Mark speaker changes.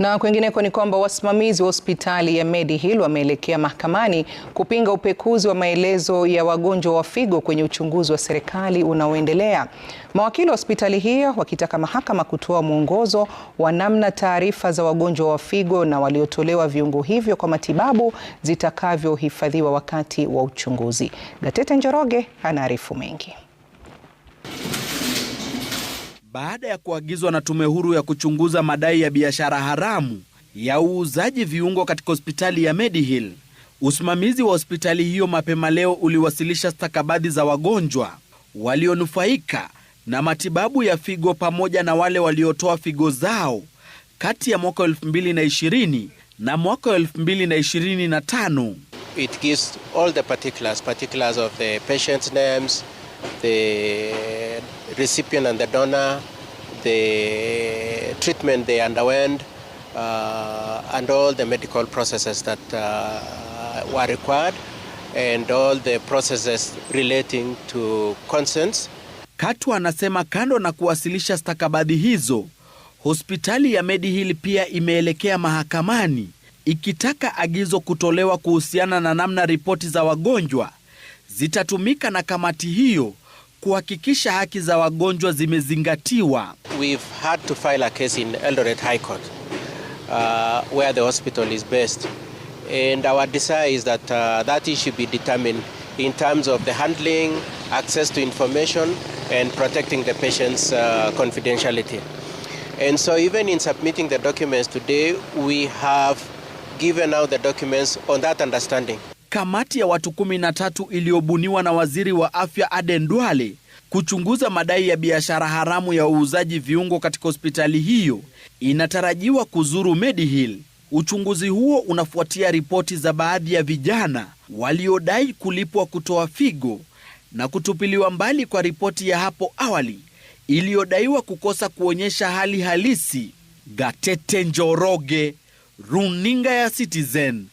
Speaker 1: Na kwingineko ni kwamba wasimamizi wa hospitali ya Mediheal wameelekea mahakamani kupinga upekuzi wa maelezo ya wagonjwa wa figo kwenye uchunguzi wa serikali unaoendelea. Mawakili wa hospitali hiyo wakitaka mahakama kutoa mwongozo wa namna taarifa za wagonjwa wa figo na waliotolewa viungo hivyo kwa matibabu zitakavyohifadhiwa wakati wa uchunguzi. Gatete Njoroge anaarifu mengi
Speaker 2: baada ya kuagizwa na tume huru ya kuchunguza madai ya biashara haramu ya uuzaji viungo katika hospitali ya medihill Usimamizi wa hospitali hiyo mapema leo uliwasilisha stakabadhi za wagonjwa walionufaika na matibabu ya figo pamoja na wale waliotoa figo zao kati ya mwaka 2020 na mwaka 2025.
Speaker 3: It gives all the particulars, particulars of the patient's names, the recipient and the donor, the treatment they underwent, uh, and all the medical processes that uh, were required and all the processes relating to consents.
Speaker 2: Katwa anasema kando na kuwasilisha stakabadhi hizo, hospitali ya Mediheal pia imeelekea mahakamani ikitaka agizo kutolewa kuhusiana na namna ripoti za wagonjwa zitatumika na kamati hiyo kuhakikisha haki za wagonjwa zimezingatiwa.
Speaker 3: We've had to file a case in Eldoret High Court, uh, where the hospital is based. And our desire is that uh, that issue be determined in terms of the handling, access to information, and protecting the patient's uh, confidentiality. And so even in submitting the documents today, we have given out the documents on that understanding
Speaker 2: kamati ya watu kumi na tatu iliyobuniwa na waziri wa afya Aden Duale kuchunguza madai ya biashara haramu ya uuzaji viungo katika hospitali hiyo inatarajiwa kuzuru Mediheal. Uchunguzi huo unafuatia ripoti za baadhi ya vijana waliodai kulipwa kutoa figo na kutupiliwa mbali kwa ripoti ya hapo awali iliyodaiwa kukosa kuonyesha hali halisi. Gatete Njoroge, Runinga ya Citizen.